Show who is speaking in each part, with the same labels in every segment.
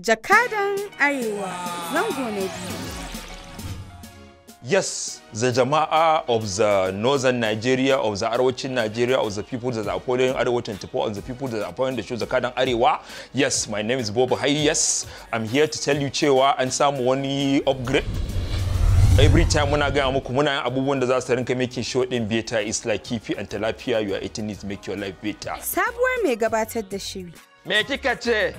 Speaker 1: Jakadan Arewa zango na
Speaker 2: Yes, the jama'a of the northern Nigeria, of the arewacin Nigeria, of the people that are following Arewa 24, of the people that are following the show Zakadan Arewa. Yes, my name is Bob Hai. Yes, I'm here to tell you cewa an samu wani upgrade. every time muna gaya muku muna yin abubuwan da za su rinka making sure din beta is like kifi and tilapia are eating is make your life better.
Speaker 3: Sabuwar mai gabatar da shiri. Me kika ce?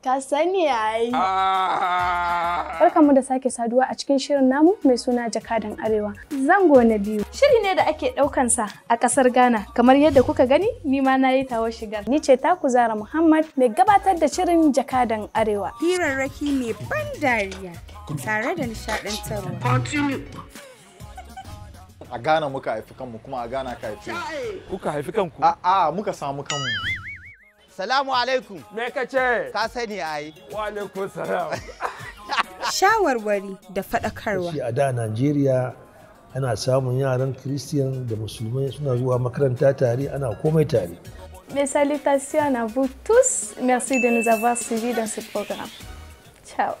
Speaker 1: Ka sani yayi. Ah. Barkanmu da sake saduwa a cikin shirin namu mai suna jakadan arewa. Zango na biyu. Shiri ne da ake ɗaukansa a ƙasar Ghana kamar yadda kuka gani ni ma na yi tawa shigar. Ni ce taku Zara Muhammad mai gabatar da shirin jakadan arewa.
Speaker 2: Hirarraki
Speaker 1: mai ban dariya tare da
Speaker 2: nishaɗantarwa. A Ghana muka haifi kanmu kuma a Ghana ka haifi. Kuka haifi kanku? A'a muka samu kanmu. Salamu alaikum. Me ka ce? Ka sani yi. Wa alaikum salam. Shawarwari da faɗakarwa. Shi
Speaker 3: a da Najeriya ana samun yaran Kiristiyan da Musulmai suna zuwa makaranta tare ana komai tare.
Speaker 1: Mes salutations à vous tous. Merci de nous avoir suivis dans ce programme. Ciao.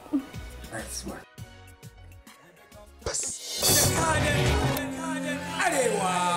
Speaker 2: Arewa.